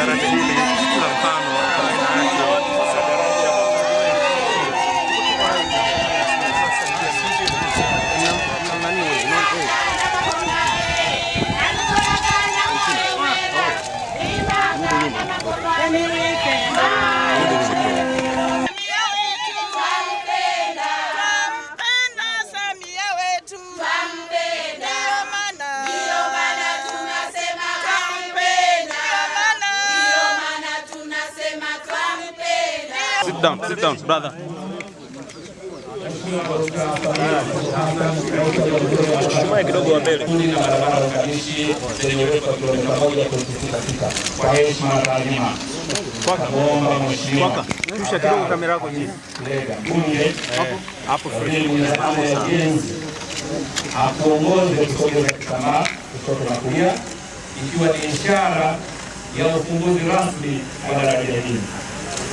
Sara Melina. Sit down, sit down, brother. Shumai kidogo wa mbele. Kwa heshima kidogo kamera yako chini. Hapo atuongoze kusogeza kitambaa kushoto na kulia ikiwa ni ishara ya ufunguzi rasmi wa daraja hili.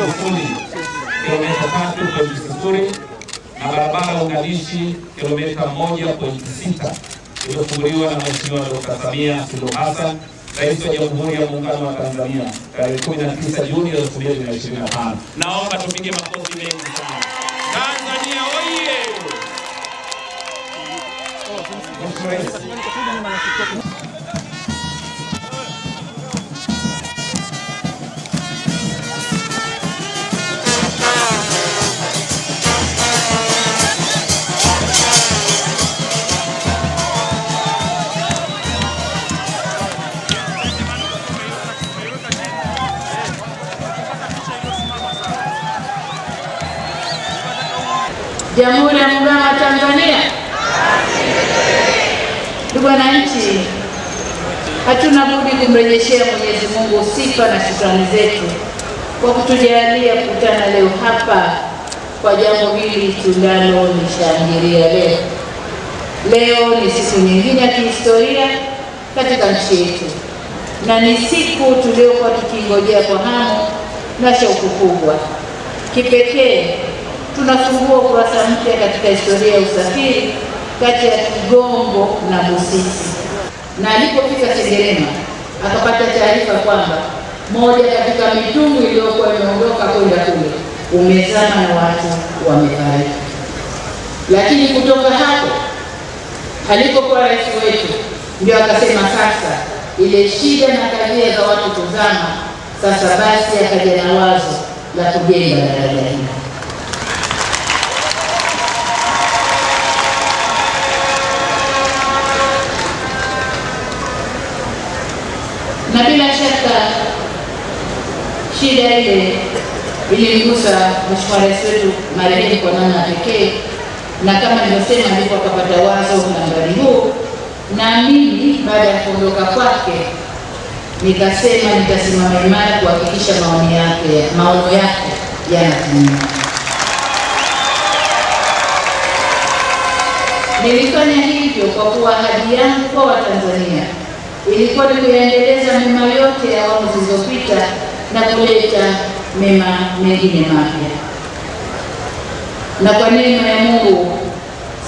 kutoka Busuri kilomita tatu pointi sifuri na barabara unganishi kilomita moja pointi sita iliyofunguliwa na Mheshimiwa Dkt. Samia Suluhu Hassan, Rais wa Jamhuri ya Muungano wa Tanzania tarehe 19 Juni 2025. Naomba tupige makofi mengi sana. Tanzania oye! Jamhuri ya Muungano wa Tanzania. Ndugu wananchi, hatuna budi kumrejeshea Mwenyezi Mungu sifa na shukrani zetu kwa kutujalia kukutana leo hapa kwa jambo hili tunalo nishangilia leo. Leo ni siku nyingine ya kihistoria katika nchi yetu na ni siku tuliokuwa tukingojea kwa hamu na shauku kubwa. Kipekee tunafungua ukurasa mpya katika historia ya usafiri kati ya Kigongo na Busisi. Na alipofika Sengerema akapata taarifa kwamba moja katika mitungu iliyokuwa imeondoka kwenda kule umezama na watu wamefariki. Lakini kutoka hapo alipokuwa rais wetu ndio akasema sasa ile shida na kadhia za watu kuzama, sasa basi akaja na wazo la kujenga daraja hili. na bila shaka shida ile ilimgusa Mheshimiwa Rais wetu marehemu kwa namna pekee, na kama nilivyosema, ndipo akapata wazo na mradi huu, na mimi baada ya kuondoka kwake nikasema nitasimama imara kuhakikisha maono yake maono yake yanatimia. Nilifanya hivyo kwa kuwa ahadi yangu kwa Watanzania ilikuwa ni kuyaendeleza mema yote ya awamu zilizopita na kuleta mema mengine mapya. Na kwa neema ya Mungu,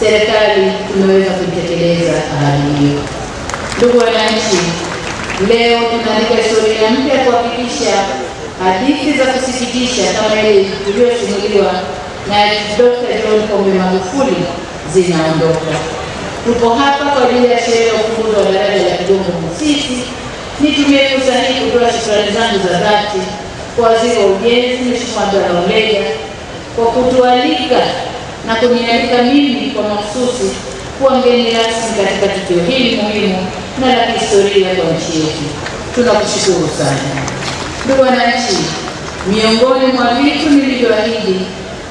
serikali tumeweza kuitekeleza ahadi hiyo. Ndugu wananchi, leo tunaandika historia mpya kuhakikisha hadithi za kusikitisha kama ile iliyosimuliwa na Dr. John Pombe Magufuli zinaondoka tupo hapa kwa ajili ya sherehe ya ufunguzi wa daraja la Kigongo Busisi. Nitumie fursa hii kutoa shukrani zangu za dhati kwa waziri wa ujenzi Mheshimiwa Abdalla Ulega kwa kutualika na kunialika mimi kwa mahususi kuwa mgeni rasmi katika tukio hili muhimu na la kihistoria kwa nchi yetu. Tunakushukuru sana ndugu wananchi. Miongoni mwa vitu nilivyoahidi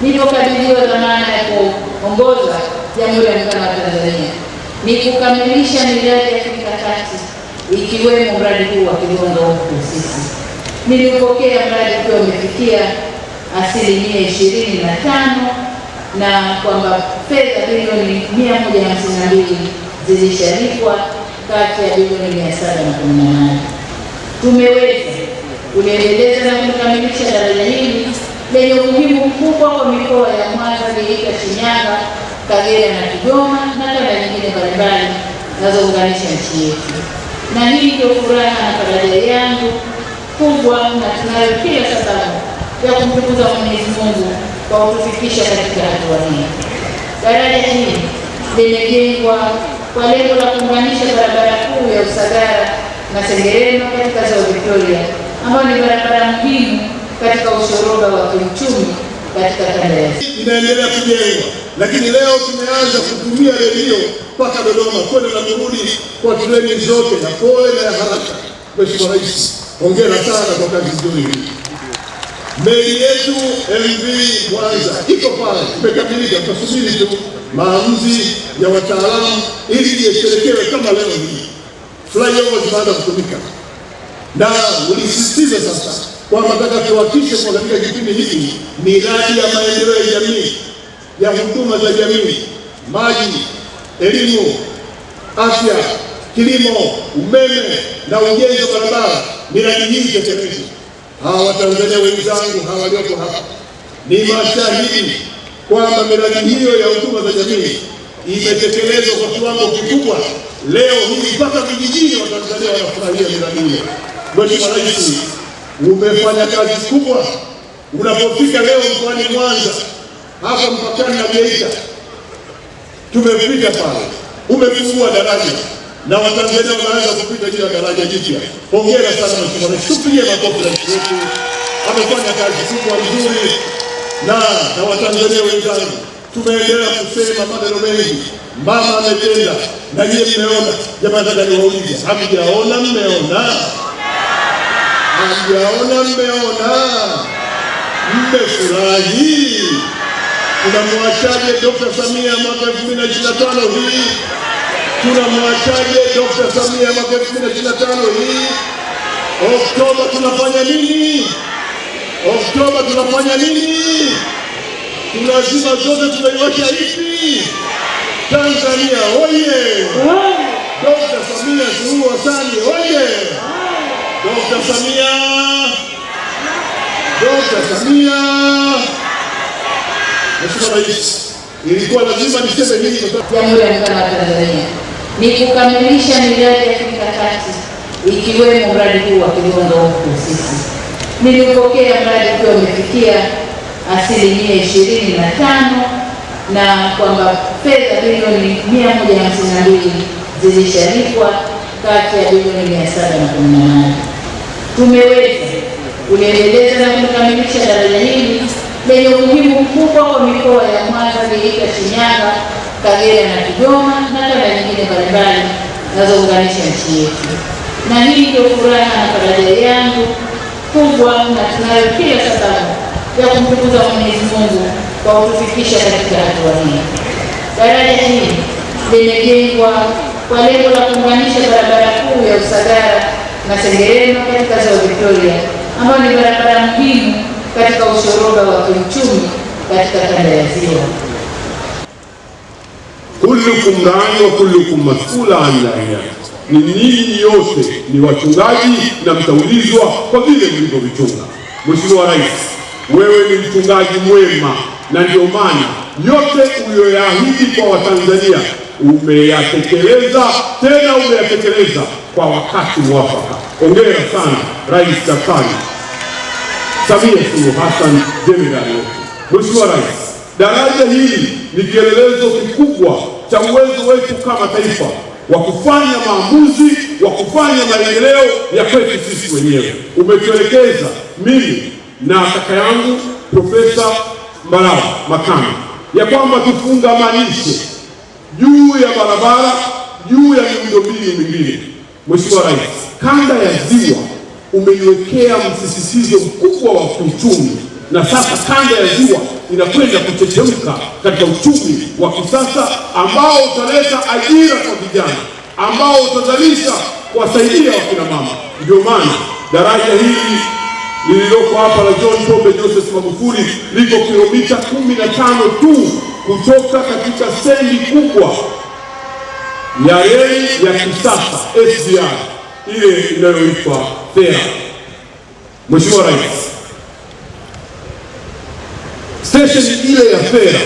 nilipokabidhiwa dhamana ya kuongoza Jamhuri yaani ya Muungano wa Tanzania ni kukamilisha miradi ya kimkakati ikiwemo mradi huu wa Kigongo huko Busisi. Nilipokea mradi ukiwa umefikia asilimia ishirini na tano na kwamba fedha bilioni mia moja hamsini na mbili zilishalipwa kati ya bilioni mia saba na kumi na nane. Tumeweza kuliendeleza na kukamilisha daraja hili lenye umuhimu mkubwa kwa mikoa ya Mwanza, Geita, Shinyanga Kagera na Kigoma na kanda nyingine mbalimbali zinazounganisha nchi yetu, na hii ndio furaha na faraja yangu kubwa na tunayo kila sababu ya kumtukuza Mwenyezi Mungu kwa kutufikisha katika hatua hii. Daraja hili limejengwa kwa lengo la kuunganisha barabara kuu ya Usagara na Sengerema katika Ziwa Victoria, ambayo ni barabara muhimu katika ushoroba wa kiuchumi inaendelea kujengwa, lakini leo tumeanza kutumia redio mpaka Dodoma kwenda na kurudi kwa treni zote na pole na ya haraka. Mheshimiwa Rais, hongera sana kwa kazi nzuri hii. Meli yetu MV Mwanza iko pale, imekamilika, tunasubiri tu maamuzi ya wataalamu ili ieshelekewe kama leo hii, flyover zinaanza kutumika na ulisisitiza sasa kwamba nataka tuwatishe kwa katika kipindi hiki miradi ya maendeleo ya jamii ya huduma za jamii, maji, elimu, afya, kilimo, umeme na ujenzi wa barabara. Miradi hii tetemezi, hawa watanzania wenzangu hawa walioko hapa ni mashahidi kwamba miradi hiyo ya huduma za jamii imetekelezwa kwa kiwango kikubwa. Leo hii mpaka vijijini watanzania wanafurahia miradi hiyo. Mheshimiwa Rais umefanya kazi kubwa. Unapofika leo mkoani Mwanza hapa mpakani na Geita, tumefika pale, umefungua daraja na Watanzania wanaanza kupita juu ya daraja jipya. Hongera sana mheshimiwa rais, tupigie makofi rais wetu, amefanya kazi kubwa nzuri, na na Watanzania wenzangu tumeendelea kusema maneno mengi, mama ametenda na yeye, mmeona. Jamani, nataka niwaulize, hamjaona? Mmeona? hamjaona, mmeona, mmefurahi. Tunamwachaje Dr. Samia mwaka 2025 hii? Tunamwachaje Dr. Samia mwaka 2025 hii? Oktoba tunafanya nini? Oktoba tunafanya nini? Tunazima zote, tunaiwasha hivi. Tanzania oye! Dr. Samia Suluhu Hassan oye! Dr. Samia, Dr. Samia. Mheshimiwa Rais, nilikuwa lazima niseme nini Jamhuri ya Muungano wa Tanzania ni kukamilisha miradi ya kimkakati ikiwemo mradi huu wa Kigongo huko Busisi. Nilipokea mradi ukiwa umefikia asilimia ishirini na tano na kwamba fedha bilioni mia moja hamsini na mbili zilishalipwa kati ya bilioni mia saba na kumi na nane tumeweza kuliendeleza na kukamilisha daraja hili lenye umuhimu mkubwa kwa mikoa ya Mwanza, Geita, Shinyanga, Kagera na Kigoma na kada nyingine mbalimbali zinazounganisha nchi yetu, na hii ndio furaha na faraja yangu kubwa, na tunayo kila sababu ya kumtukuza Mwenyezi Mungu kwa kutufikisha katika hatua hii. Daraja hili limejengwa kwa lengo la kuunganisha barabara kuu ya Usagara Masengerema katika za Victoria, ambayo ni barabara muhimu katika ushoroba wa kiuchumi katika kanda ya ziwa. kullukum rain wa kullukum masula an raiyati, ni ninyi yote ni wachungaji na mtaulizwa kwa vile mlivyovichunga. Mheshimiwa Rais, wewe ni mchungaji mwema, na ndio maana yote uliyoyaahidi kwa Watanzania umeyatekeleza tena umeyatekeleza kwa wakati mwafaka. Hongera sana Rais Daktari Samia Suluhu Hassan jenerali wetu. Mheshimiwa Rais, daraja hili ni kielelezo kikubwa cha uwezo wetu kama taifa wa kufanya maamuzi wa kufanya maendeleo ya kwetu sisi wenyewe. Umetuelekeza mimi na kaka yangu Profesa Mbarawa Makame ya kwamba tufungamanishe juu ya barabara, juu ya miundombinu mingine. Mheshimiwa Rais, kanda ya Ziwa umeiwekea msisitizo mkubwa wa kiuchumi, na sasa kanda ya Ziwa inakwenda kuchechemka katika uchumi wa kisasa ambao utaleta ajira kwa vijana, ambao utazalisha kuwasaidia wakina mama. Ndio maana daraja hili lililoko hapa la John Pombe Joseph Magufuli liko kilomita kumi na tano tu kutoka katika stendi kubwa ya reli ya kisasa SGR ile inayoitwa TERA. Mheshimiwa Rais, stesheni ile ya TERA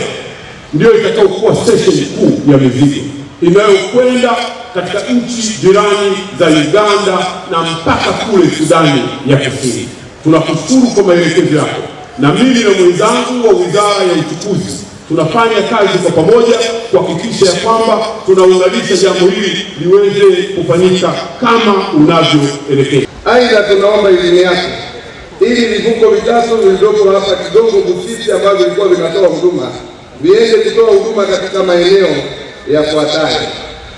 ndiyo itakayokuwa stesheni kuu ya mizigo inayokwenda katika nchi jirani za Uganda na mpaka kule Sudani ya Kusini. Tunakushukuru kwa maelekezo yako, na mimi na mwenzangu wa Wizara ya Uchukuzi tunafanya kazi kwa pamoja kuhakikisha ya kwamba tunaunganisha jambo hili liweze kufanyika kama unavyoelekea. Aidha, tunaomba idhini yako ili vivuko vitatu vilivyopo hapa kidogo Busisi ambavyo vilikuwa vinatoa huduma viende kutoa huduma katika maeneo yafuatayo: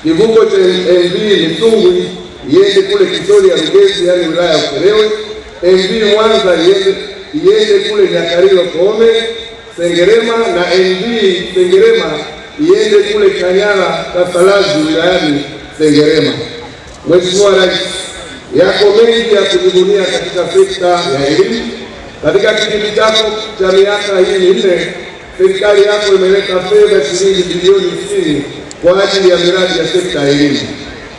kivuko cha MV Mtungwi iende kule Kitori ya Rugezi, yaani wilaya ya Ukerewe. MV Mwanza iende kule Nyakariro Koome. Sengerema na MV Sengerema iende kule Kanyala Kasalazi wilayani Sengerema. Mheshimiwa Rais, yako mengi ya kujivunia katika sekta ya elimu. Katika kipindi chako cha miaka hii minne, serikali yako imeleta fedha shilingi bilioni sitini kwa ajili ya miradi ya sekta ya elimu,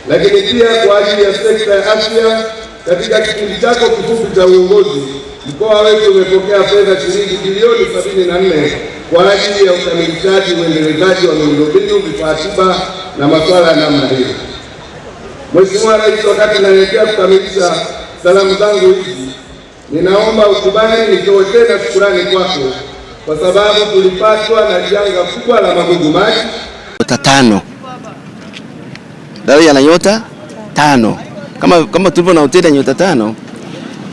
lakini pia kwa ajili ya sekta ya afya. Katika kipindi chako kifupi cha uongozi Mkoa wetu umepokea fedha shilingi bilioni sabini na nne kwa ajili ya ukamilishaji uendelezaji wa miundombinu, vifaa tiba na masuala ya namna hiyo. Mheshimiwa Rais, wakati naelekea kukamilisha salamu zangu hizi, ninaomba ukubali nitoe tena shukurani kwako kwa sababu tulipatwa na janga kubwa la magugu maji. Nyota tano, dawa ya nyota tano kama, kama tulivyo na hoteli ya nyota tano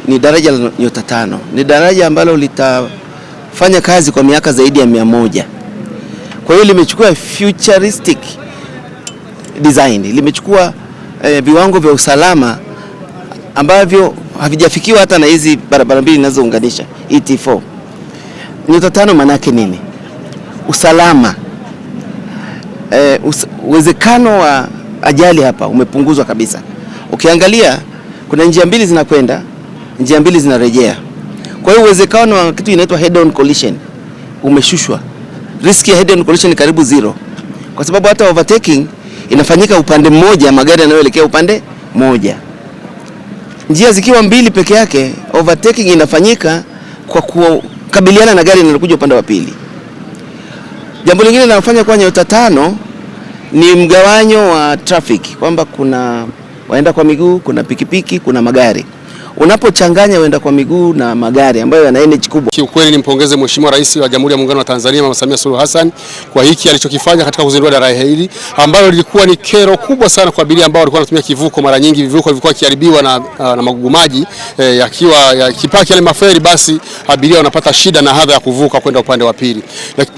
ni daraja la nyota tano. Ni daraja ambalo litafanya kazi kwa miaka zaidi ya mia moja. Kwa hiyo limechukua futuristic design, limechukua eh, viwango vya usalama ambavyo havijafikiwa hata na hizi barabara mbili zinazounganisha ET4. Nyota tano maana yake nini? Usalama, eh, uwezekano wa ajali hapa umepunguzwa kabisa. Ukiangalia kuna njia mbili zinakwenda njia mbili zinarejea. Kwa hiyo uwezekano wa kitu inaitwa head on collision umeshushwa, riski ya head on collision ni karibu zero, kwa sababu hata overtaking inafanyika upande mmoja, magari yanayoelekea upande mmoja. Njia zikiwa mbili peke yake, overtaking inafanyika kwa kukabiliana na gari linalokuja upande wa pili. Jambo lingine linalofanya kuwa nyota tano ni mgawanyo wa traffic, kwamba kuna waenda kwa miguu, kuna pikipiki, kuna magari unapochanganya uenda kwa miguu na magari ambayo yana energy kubwa. Kiukweli nimpongeze Mheshimiwa Rais wa Jamhuri ya Muungano wa Tanzania Mama Samia Suluhu Hassan kwa hiki alichokifanya katika kuzindua daraja hili ambalo lilikuwa ni kero kubwa sana kwa abiria ambao walikuwa wanatumia kivuko. Mara nyingi vivuko vilikuwa kiharibiwa na, na magugu maji eh, yakiwa kipaki yale maferi, basi abiria wanapata shida na hadha ya kuvuka kwenda upande wa pili.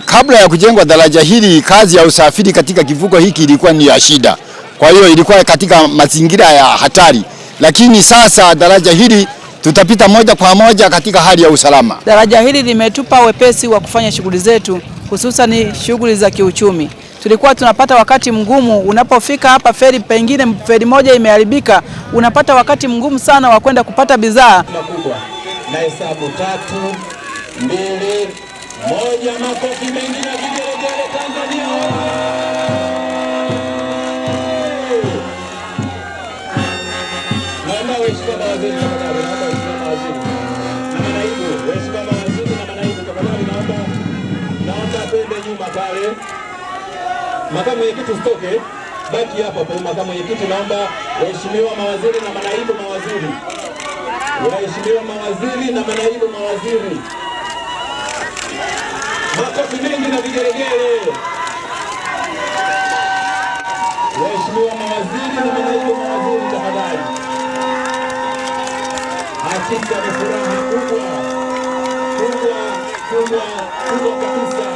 Kabla ya kujengwa daraja hili, kazi ya usafiri katika kivuko hiki ilikuwa ni ya shida, kwa hiyo ilikuwa katika mazingira ya hatari lakini sasa daraja hili tutapita moja kwa moja katika hali ya usalama. Daraja hili limetupa wepesi wa kufanya shughuli zetu, hususan shughuli za kiuchumi. Tulikuwa tunapata wakati mgumu unapofika hapa, feri pengine feri moja imeharibika, unapata wakati mgumu sana wa kwenda kupata bidhaa. Na hesabu tatu, mbili, moja, makofi mengi na vigelegele Tanzania. waziri na manaibu, waheshimiwa mawaziri na manaibu, Makamu mwenyekiti usitoke, baki hapa kwa makamu mwenyekiti. Naomba waheshimiwa mawaziri na manaibu mawaziri, waheshimiwa mawaziri na manaibu mawaziri, makofi mengi na vigelegele. Waheshimiwa mawaziri na manaibu mawaziri 진짜로 불안해 우와 우와 우와 우와 같은 싸